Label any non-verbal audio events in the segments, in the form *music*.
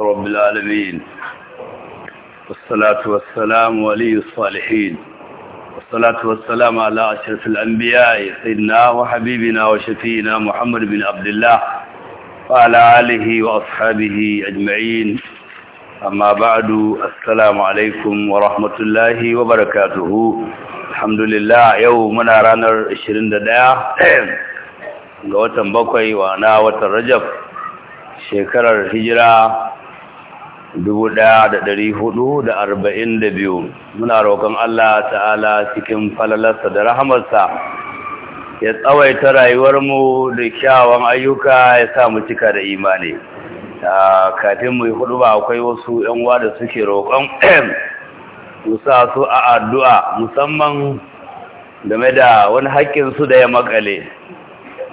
رب العالمين والصلاة والسلام ولي الصالحين والصلاة والسلام على أشرف الأنبياء سيدنا وحبيبنا وشفينا محمد بن عبد الله وعلى آله وأصحابه أجمعين أما بعد السلام عليكم ورحمة الله وبركاته الحمد لله يومنا رانر 21 ga watan bakwai wa na watan rajab shekarar hijira dubu ɗaya da ɗari hudu da arba'in da biyu muna roƙon Allah ta'ala cikin falalarsa da rahamarsa ya tsawaita rayuwarmu da kyawun ayyuka ya sa mu cika da imani kafin mu yi hudu ba akwai wasu yan uwa da suke roƙon *clears throat* musa su a addu'a musamman game da wani haƙƙinsu da ya makale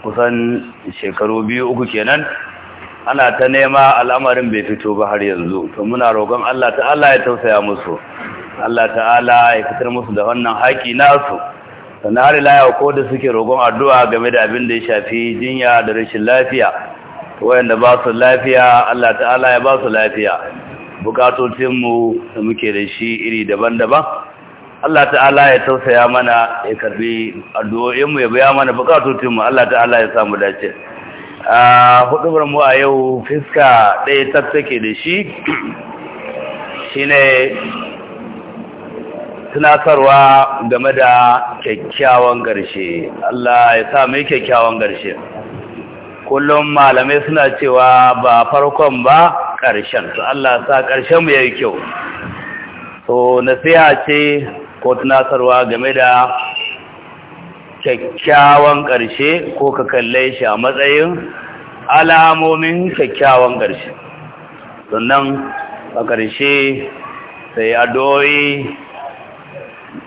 kusan shekaru biyu uku kenan ana ta nema al'amarin bai fito ba har yanzu to muna roƙon Allah ta'ala ya tausaya musu Allah ta'ala ya fitar musu da wannan haƙi nasu sannan har ila yau ko da suke roƙon addu'a game da abin da ya shafi jinya da rashin lafiya wayanda ba su lafiya Allah ta'ala ya ba su lafiya mu da muke da shi iri daban-daban Allah ta'ala ya tausaya mana ya karbi mu ya biya mana mu. Allah ta'ala ya samu dace a hudubar mu a yau fiska ɗaya tattake da shi Shi ne tunatarwa game da kyakkyawan ƙarshe Allah ya sa mai kyakkyawan ƙarshe kullum malamai suna cewa ba farkon ba ƙarshen su Allah sa ƙarshen mu ya yi kyau to nasiha ce ko tunatarwa game da kyakkyawan ƙarshe ko ka kalle shi a matsayin alamomin kyakkyawan ƙarshe sannan a ƙarshe sai addu'o'i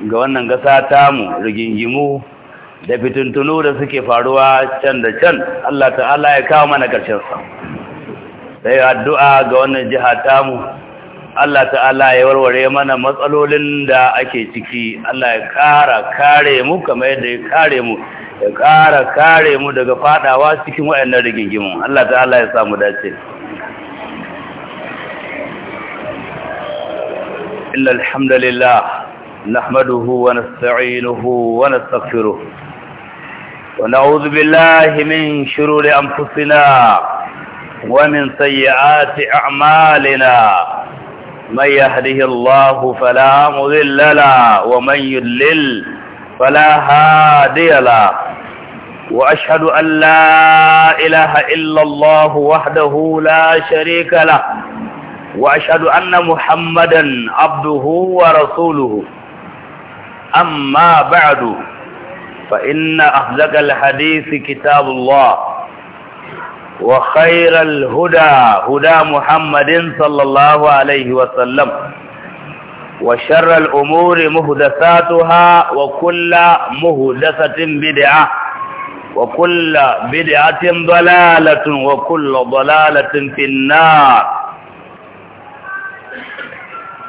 ga wannan gasa tamu rigingimu da fitintunu da suke faruwa can da can Allah ta'ala ya kawo mana ƙarshen sa. sai addu'a ga wannan jiha tamu Allah ta'ala ya warware mana matsalolin da ake ciki Allah ya ƙara kare mu kamar yadda ya kare mu ya ƙara kare mu daga fadawa cikin waɗannan rigingimu Allah ta'ala ya samu dace إلا الحمد لله نحمده ونستعينه ونستغفره ونعوذ بالله من شرور أنفسنا ومن سيئات أعمالنا من يهده الله فلا مضل له ومن يضلل فلا هادي له وأشهد أن لا إله إلا الله وحده لا شريك له وأشهد أن محمدا عبده ورسوله أما بعد فإن أهلك الحديث كتاب الله وخير الهدى هدى محمد صلى الله عليه وسلم وشر الأمور مهدثاتها وكل مهدثة بدعة وكل بدعة ضلالة وكل ضلالة في النار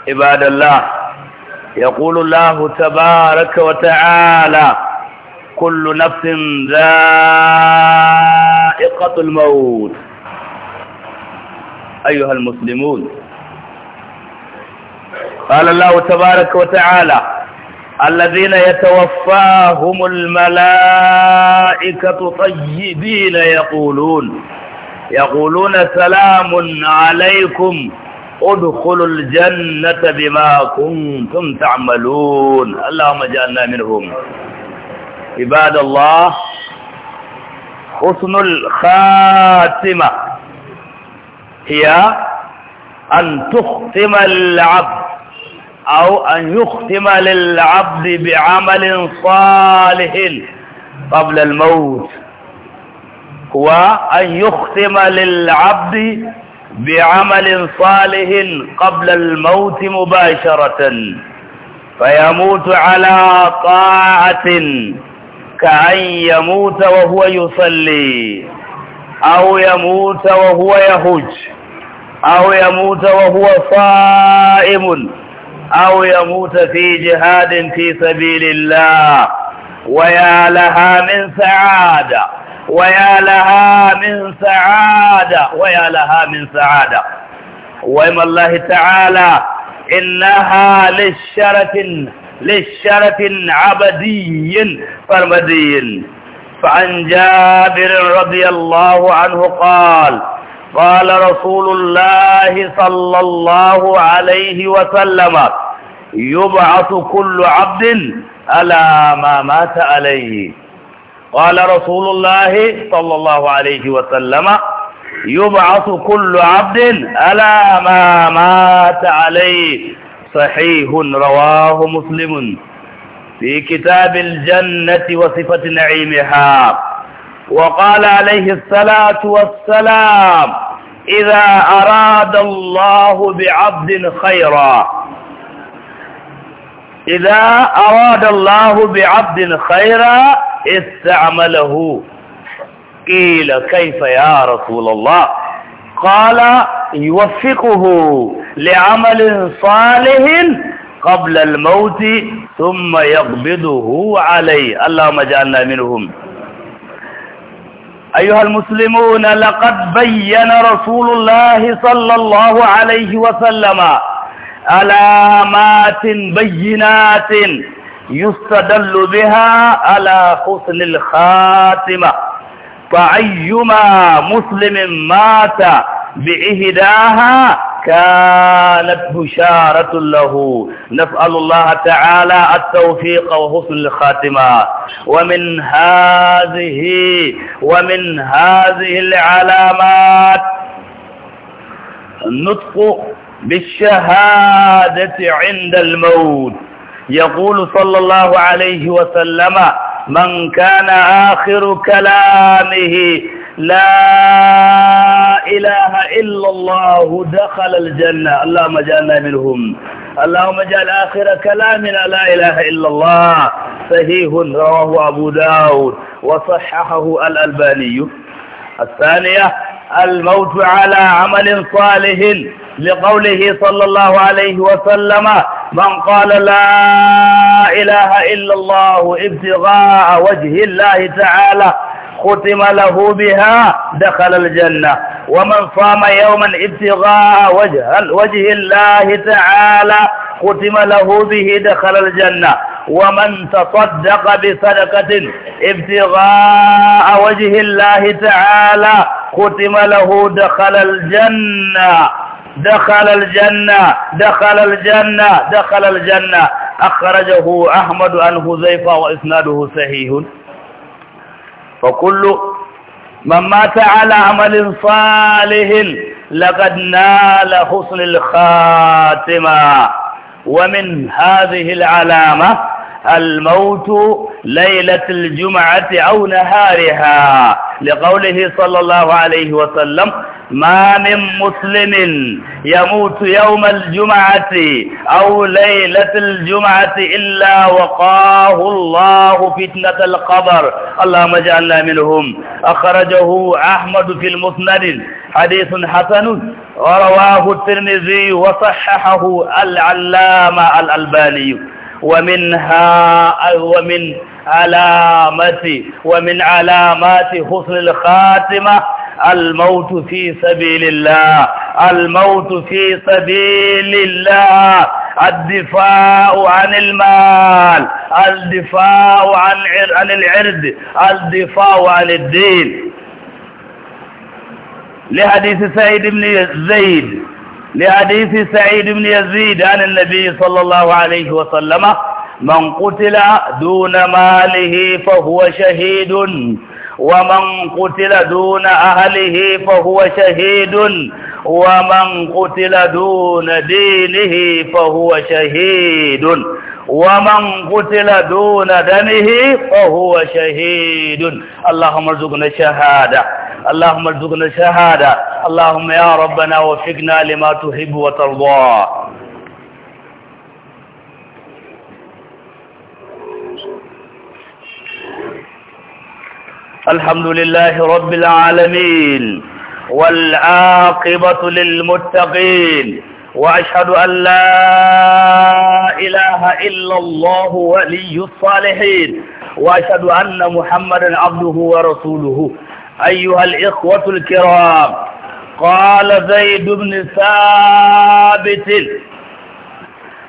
عباد الله يقول الله تبارك وتعالى كل نفس ذات ذائقة الموت أيها المسلمون قال الله تبارك وتعالى الذين يتوفاهم الملائكة طيبين يقولون يقولون سلام عليكم ادخلوا الجنة بما كنتم تعملون اللهم اجعلنا منهم عباد الله حسن الخاتمة هي أن تختم العبد أو أن يختم للعبد بعمل صالح قبل الموت وأن يختم للعبد بعمل صالح قبل الموت مباشرة فيموت على طاعة كأن يموت وهو يصلي أو يموت وهو يهج أو يموت وهو صائم أو يموت في جهاد في سبيل الله ويا لها من سعادة ويا لها من سعادة ويا لها من سعادة وإما الله تعالى إنها للشرة للشرف العبدي فرمدي فعن جابر رضي الله عنه قال قال رسول الله صلى الله عليه وسلم يبعث كل عبد على ما مات عليه قال رسول الله صلى الله عليه وسلم يبعث كل عبد على ما مات عليه صحيح رواه مسلم في كتاب الجنة وصفة نعيمها وقال عليه الصلاة والسلام إذا أراد الله بعبد خيرا إذا أراد الله بعبد خيرا استعمله قيل كيف يا رسول الله قال يوفقه لعمل صالح قبل الموت ثم يقبضه عليه اللهم اجعلنا منهم أيها المسلمون لقد بين رسول الله صلى الله عليه وسلم علامات بينات يستدل بها على حسن الخاتمة فأيما مسلم مات بإهداها كانت بشارة له نسأل الله تعالى التوفيق وحسن الخاتمة ومن هذه ومن هذه العلامات النطق بالشهادة عند الموت يقول صلى الله عليه وسلم من كان آخر كلامه لا إله إلا الله دخل الجنة اللهم اجعلنا منهم اللهم اجعل آخر كلامنا لا إله إلا الله صحيح رواه أبو داود وصححه الألباني الثانية الموت على عمل صالح لقوله صلى الله عليه وسلم من قال لا إله إلا الله ابتغاء وجه الله تعالى ختم له بها دخل الجنة ومن صام يوما ابتغاء وجه, وجه الله تعالى ختم له به دخل الجنة ومن تصدق بصدقة ابتغاء وجه الله تعالى ختم له دخل الجنة دخل الجنة دخل الجنة دخل الجنة أخرجه أحمد عن حذيفة وإسناده صحيح فكل من مات على عمل صالح لقد نال حسن الخاتمة ومن هذه العلامة الموت ليلة الجمعة أو نهارها لقوله صلى الله عليه وسلم ما من مسلم يموت يوم الجمعة أو ليلة الجمعة إلا وقاه الله فتنة القبر اللهم اجعلنا منهم أخرجه أحمد في المسند حديث حسن ورواه الترمذي وصححه العلامة الألباني ومنها ومن علامة ومن علامات حسن الخاتمة الموت في سبيل الله الموت في سبيل الله الدفاع عن المال الدفاع عن عن العرض الدفاع عن الدين لحديث سعيد بن زيد لحديث سعيد بن يزيد عن النبي صلى الله عليه وسلم من قتل دون ماله فهو شهيد ومن قتل دون أهله فهو شهيد ومن قتل دون دينه فهو شهيد ومن قتل دون دمه فهو شهيد اللهم ارزقنا الشهاده اللهم ارزقنا الشهادة اللهم يا ربنا وفقنا لما تحب وترضى الحمد لله رب العالمين والعاقبة للمتقين وأشهد أن لا إله إلا الله ولي الصالحين وأشهد أن محمدا عبده ورسوله أيها الإخوة الكرام قال زيد بن ثابت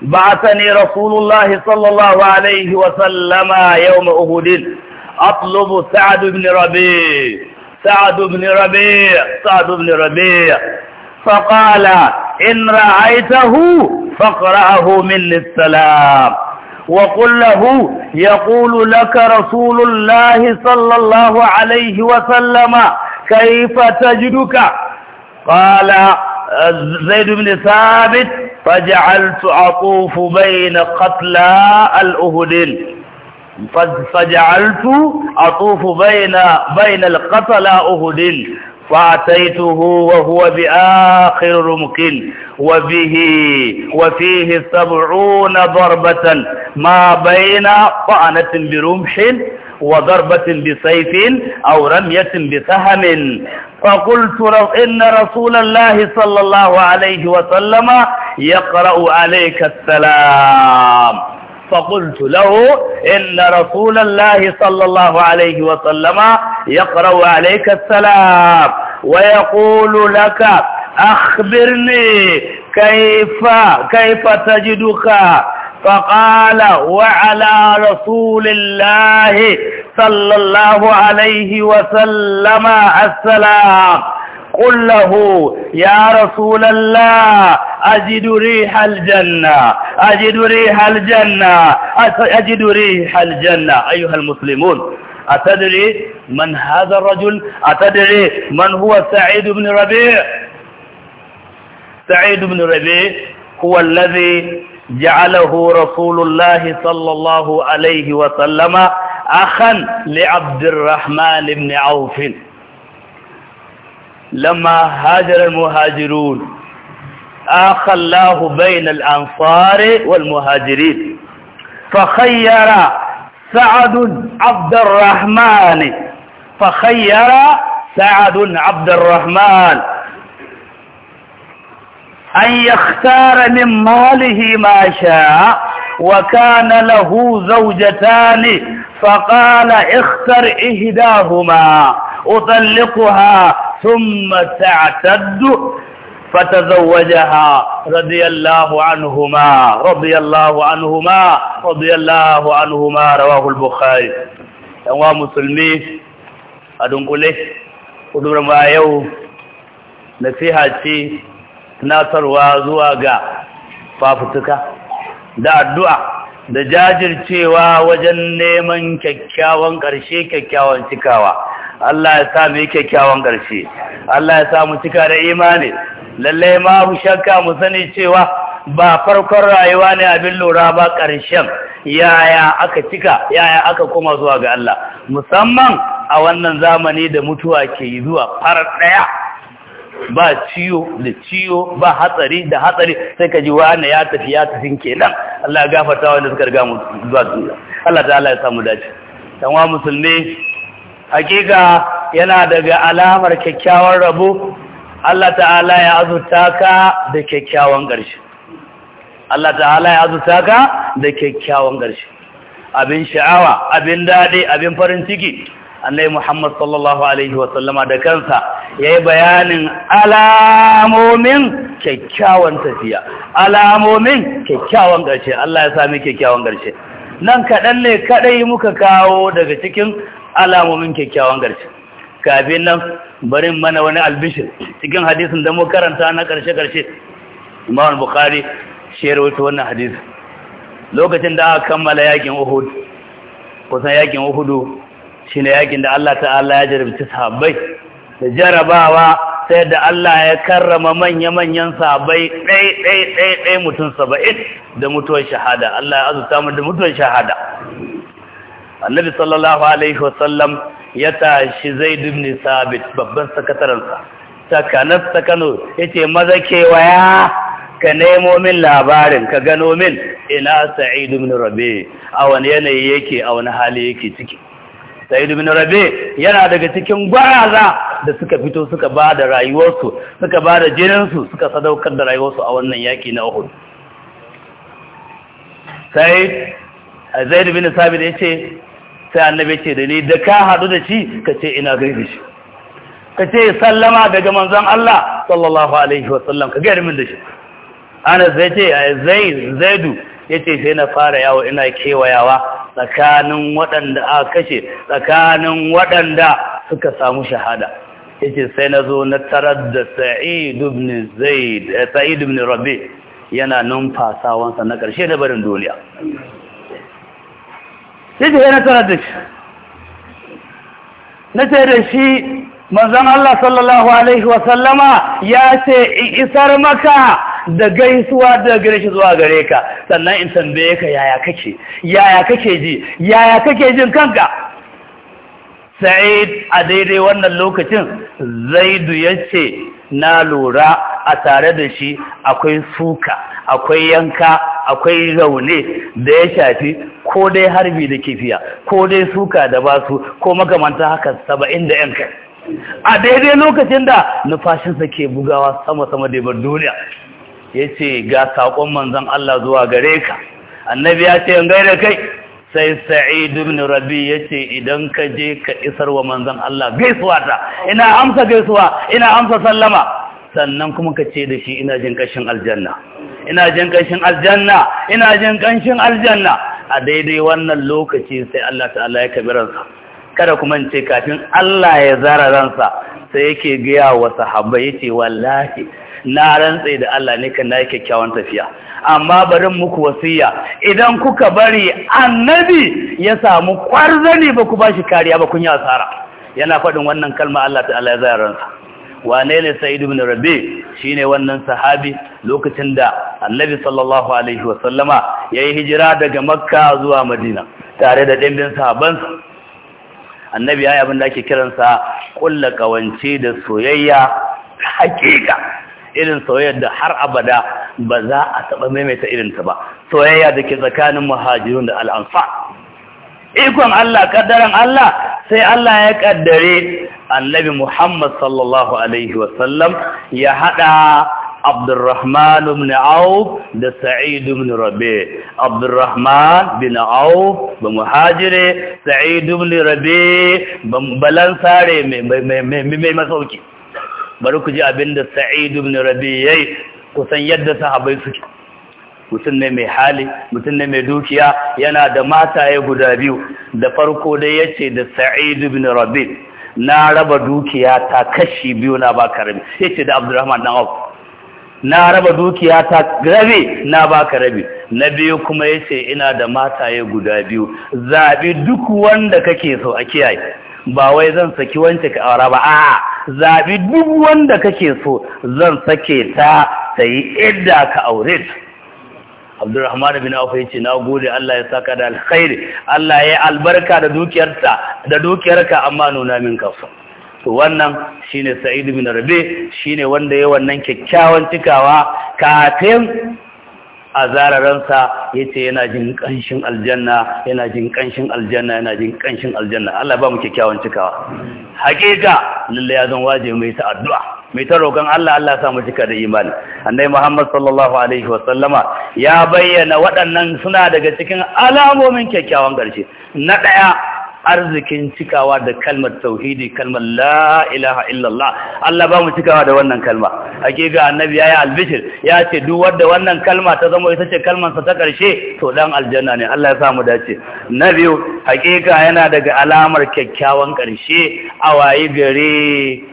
بعثني رسول الله صلى الله عليه وسلم يوم أهد أطلب سعد بن ربيع سعد بن ربيع سعد بن ربيع فقال إن رأيته فاقرأه مني السلام وقل له يقول لك رسول الله صلى الله عليه وسلم كيف تجدك قال زيد بن ثابت فجعلت أطوف بين قتلى الأهدين فجعلت أطوف بين بين القتلى أهدين فأتيته وهو بآخر رمق وبه وفيه سبعون ضربة ما بين طعنة برمح وضربة بسيف أو رمية بسهم فقلت إن رسول الله صلى الله عليه وسلم يقرأ عليك السلام فقلت له إن رسول الله صلى الله عليه وسلم يقرأ عليك السلام ويقول لك أخبرني كيف كيف تجدك فقال وعلى رسول الله صلى الله عليه وسلم السلام قل له يا رسول الله أجد ريح الجنة أجد ريح الجنة أجد ريح الجنة أيها المسلمون أتدري من هذا الرجل أتدري من هو سعيد بن ربيع سعيد بن ربيع هو الذي جعله رسول الله صلى الله عليه وسلم أخا لعبد الرحمن بن عوف لما هاجر المهاجرون آخى الله بين الأنصار والمهاجرين فخير سعد عبد الرحمن فخير سعد عبد الرحمن أن يختار من ماله ما شاء وكان له زوجتان فقال اختر إهداهما أطلقها ثم تعتد فتزوجها رضي الله عنهما رضي الله عنهما رضي الله عنهما رواه البخاري yanwa musulmi a dunkule kudurar yau nasiha ce tunatarwa zuwa ga fafutuka da addu'a da jajircewa wajen neman kyakkyawan ƙarshe kyakkyawan cikawa Allah ya sa mu yi kyakkyawan ƙarshe Allah ya sa mu cika da imani Lallai ma mu shakka mu sani cewa ba farkon rayuwa ne abin lura ba ƙarshen yaya aka cika yaya aka koma zuwa ga Allah musamman a wannan zamani da mutuwa ke yi zuwa far ɗaya ba ciyo da ciyo ba hatsari da hatsari sai ka ji wani ya tafi ya tafi kenan Allah ya gafata wanda suka riga mu zuwa duniya Allah ya samu dace Tanwa musulmi hakika yana daga alamar kyakkyawan rabu. Allah ta'ala ya azuta ka da kyakkyawan ƙarshe Allah ta'ala ya azuta ka da kyakkyawan ƙarshe abin sha'awa abin daɗi abin farin ciki Allah Muhammad sallallahu alaihi wa sallama da kansa yayi bayanin alamomin kyakkyawan tafiya alamomin kyakkyawan ƙarshe Allah ya sami kyakkyawan ƙarshe nan kaɗan ne kaɗai muka kawo daga cikin alamomin kyakkyawan garci kafin nan barin mana wani albishir cikin hadisin da mu karanta na karshe-karshe imam bukhari shi wato wannan hadisi lokacin da aka kammala yakin uhud kusan yakin uhudu shine yakin da Allah ta'ala ya jarabci sahabbai da jarabawa sai da Allah ya karrama manya-manyan sahabbai ɗai ɗai ɗai ɗai mutum saba'in da mutuwar shahada Allah ya azuta mu da mutuwar shahada annabi sallallahu alaihi wasallam ya tashi zaid ibn sabit babban sakatarensa sakanar sakano yace maza kewaya ka nemo min labarin ka gano min ina sa'id ibn rabi a wani yanayi yake a wani hali yake ciki sa'id ibn rabi yana daga cikin gwaraza da suka fito suka ba da rayuwarsu suka ba da jininsu suka sadaukar da rayuwarsu a wannan yaki na uhud sa'id zaid bin sabit yace sai annabi ce da ni da ka hadu da shi ka ce ina da shi ka ce sallama daga manzon Allah sallallahu alaihi wa sallam ka gaida min da shi ana zai ce zai zaidu ya ce sai na fara yawo ina kewayawa tsakanin waɗanda a kashe tsakanin waɗanda suka samu shahada ya ce sai na zo na tarar da sa'id ibn eh, rabi yana numfasawansa na ƙarshe na barin duniya sai da yana da shi na ce da shi manzon Allah sallallahu alaihi wasallama ya ce in isar maka da gaisuwa da gare shi zuwa gare ka sannan in tambaye ka yaya kake yaya kake ji yaya kake jin kanka sa'id a daidai wannan lokacin zaidu ya ce na lura a tare da shi akwai suka akwai yanka akwai raune da ya shafi ko dai harbi da kifiya ko dai suka da basu ko makamanta haka saba'in da yanka a daidai lokacin da nufashinsa ke bugawa sama-sama da bar duniya ya ce ga saƙon manzan Allah zuwa gare ka annabi ya ce yangai da kai sai sa'idu ibn rabi ya ce idan ka je ka isar wa manzan Allah gaisuwa ta ina amsa gaisuwa ina amsa sallama sannan kuma ka ce da shi ina jin ƙanshin aljanna ina jin ƙanshin aljanna ina jin ƙanshin aljanna a daidai wannan lokaci sai Allah ta'ala ya ransa. kada kuma ce kafin Allah ya zara ransa sai yake gaya wa sahabbai yace wallahi na rantse da Allah ne kan na kyakkyawan tafiya amma bari muku wasiya idan kuka bari annabi ya samu kwarzani ba ku bashi kariya ba kun yi asara yana faɗin wannan kalma Allah ta'ala ya zara ransa wane ne sa'id ibn rabi shine wannan sahabi lokacin da annabi sallallahu alaihi wasallama yayi hijira daga makka zuwa madina tare da ɗimbin sahabansa annabi yi abin da ake kiransa kulla ƙawance da soyayya hakika irin soyayyar da har abada ba za a taba maimaita irin ta ba soyayya da ke tsakanin muhajirun da al'anfa. ikon Allah kaddaran Allah sai Allah ya kaddare annabi Muhammad sallallahu alaihi wasallam ya hada Abdurrahman ibn Auf da Sa'id ibn Rabi Abdurrahman bin Auf ba muhajire Sa'id ibn Rabi balan sare mai masauki bari ku ji abinda Sa'id ibn Rabi yayi kusan yadda sahabbai suke mutum ne mai hali mutum ne mai dukiya yana da mataye guda biyu da farko dai yace da sa'id ibn rabi na raba dukiya ta kashi biyu na baka rabi ce da abdurrahman na auk na raba dukiya ta rabi na baka rabi na biyu kuma yace ina da mataye guda biyu Zaɓi duk wanda kake so a kiyaye ba wai zan saki wance ka aura ba a'a zabi duk wanda kake so zan sake ta sai idda ka aure ta Abdulrahman bin Auf yace na gode Allah ya saka da alkhairi Allah ya albarka da dukiyarta da dukiyarka amma nuna min kafa to wannan shine Sa'id bin Rabi shine wanda ya wannan kyakkyawan cikawa kafin a zararansa yace yana jin kanshin aljanna yana jin kanshin aljanna yana jin kanshin aljanna Allah ba mu kyakkyawan cikawa hakika lalle ya zan waje mai ta addu'a mai ta roƙon Allah Allah sa mu cika da imani annabi Muhammad sallallahu alaihi wa sallama ya bayyana waɗannan suna daga cikin alamomin kyakkyawan ƙarshe na ɗaya arzikin cikawa da kalmar tauhidi kalmar la ilaha illallah Allah ba mu cikawa da wannan kalma hakika annabi yayi albishir ya ce duk wanda wannan kalma ta zama ita ce kalmar sa ta karshe to dan aljanna ne Allah ya sa mu dace na biyu hakika yana daga alamar kyakkyawan karshe a waye gare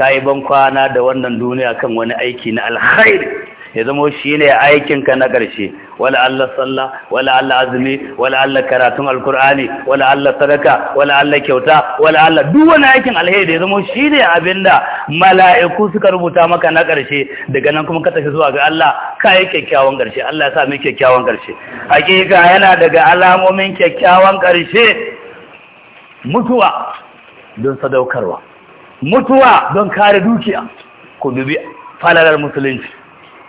ka yi kwana da wannan duniya kan wani aiki na alhairi ya zama shi ne aikinka na ƙarshe wala Allah sallah wala Allah azumi wala Allah karatun alkur'ani wala Allah sadaka wala Allah kyauta wala Allah duk wani aikin alheri ya zama shi ne abinda mala'iku suka rubuta maka na ƙarshe daga nan kuma ka tafi zuwa ga Allah ka yi kyakkyawan ƙarshe Allah ya sa mu kyakkyawan ƙarshe hakika yana daga alamomin kyakkyawan ƙarshe mutuwa don sadaukarwa mutuwa don kare dukiya ku dubi falalar musulunci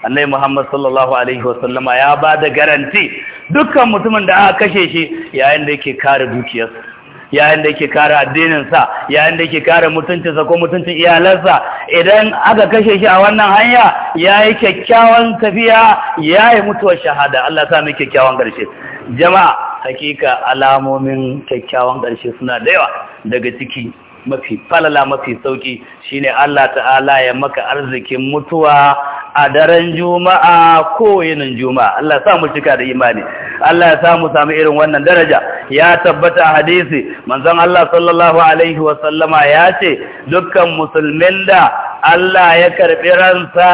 annai muhammad sallallahu alaihi wasallama ya ba da garanti dukkan mutumin da aka kashe shi yayin da yake kare dukiyarsa yayin da yake kare addininsa yayin da yake kare mutuncinsa ko mutuncin iyalansa idan aka kashe shi a wannan hanya ya yi kyakkyawan tafiya ya yi mutuwar shahada Allah sa mai kyakkyawan ƙarshe jama'a hakika alamomin kyakkyawan ƙarshe suna da yawa daga ciki mafi falala mafi sauki ne Allah ta'ala ya maka arzikin mutuwa a daren juma'a ko yinin juma'a Allah ya sa cika da imani Allah ya sa mu samu irin wannan daraja ya tabbata hadisi manzon Allah sallallahu alaihi wa sallama ya ce dukkan musulmin da Allah ya karɓi ransa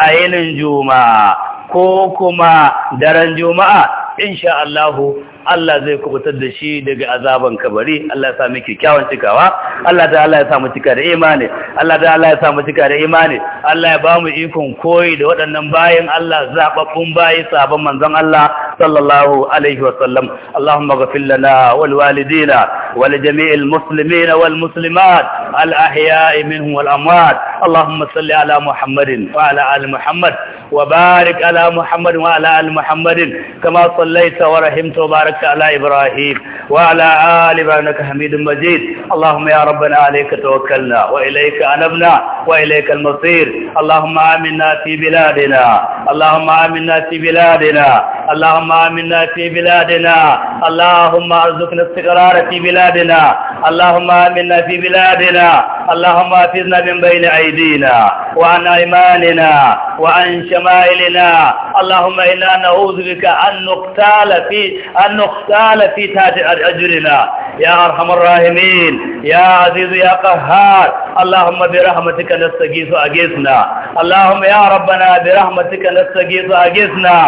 a yinin juma'a ko kuma daren juma'a insha Allahu Allah zai kubutar da shi daga azaban kabari Allah ya sa mu kyakkyawan cikawa Allah da Allah ya sa mu cika da imani Allah da Allah ya sa mu cika da imani Allah ya ba mu ikon koyi da waɗannan bayan Allah zababbun bayi sabon manzon Allah sallallahu alaihi wa sallam Allahumma ghfir lana wal walidina wal jami'il muslimina wal muslimat al ahya'i minhum wal amwat Allahumma salli ala Muhammadin wa ala ali Muhammad وبارك على محمد وعلى آل محمد كما صليت ورحمت وباركت على إبراهيم وعلى آل إبراهيم حميد مجيد اللهم يا ربنا عليك توكلنا وإليك أنبنا وإليك المصير اللهم آمنا في بلادنا اللهم آمنا في بلادنا اللهم آمنا في بلادنا اللهم ارزقنا استقرار في بلادنا اللهم آمنا في بلادنا اللهم أفزنا من بين أيدينا وعن أيماننا وعن شمائلنا اللهم إنا نعوذ بك أن نقتال في أن نقتال في تاج أجرنا يا أرحم الراحمين يا عزيز يا قهار اللهم برحمتك نستغيث اجزنا اللهم يا ربنا برحمتك نستغيث اجزنا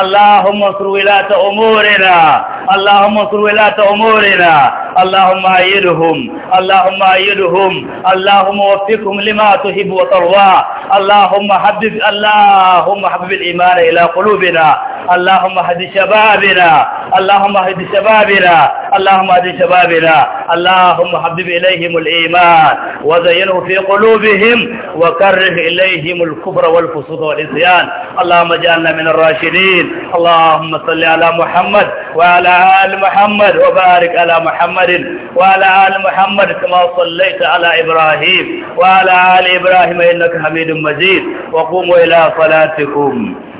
اللهم انصر ولاة أمورنا اللهم انصر ولاة أمورنا اللهم أيدهم اللهم أيدهم اللهم وفقهم لما تحب وترضى اللهم حبب اللهم حبب الإيمان إلى قلوبنا اللهم اهد شبابنا اللهم اهد شبابنا اللهم اهد شبابنا اللهم حبب إليهم الإيمان وزينه في قلوبهم وكره إليهم الكفر والفسوق والعصيان اللهم اجعلنا من الراشدين اللهم صل على محمد وعلى آل محمد وبارك على محمد وعلى آل محمد كما صليت على إبراهيم إبراهيم وعلى آل إبراهيم إنك حميد مجيد وقوموا إلى صلاتكم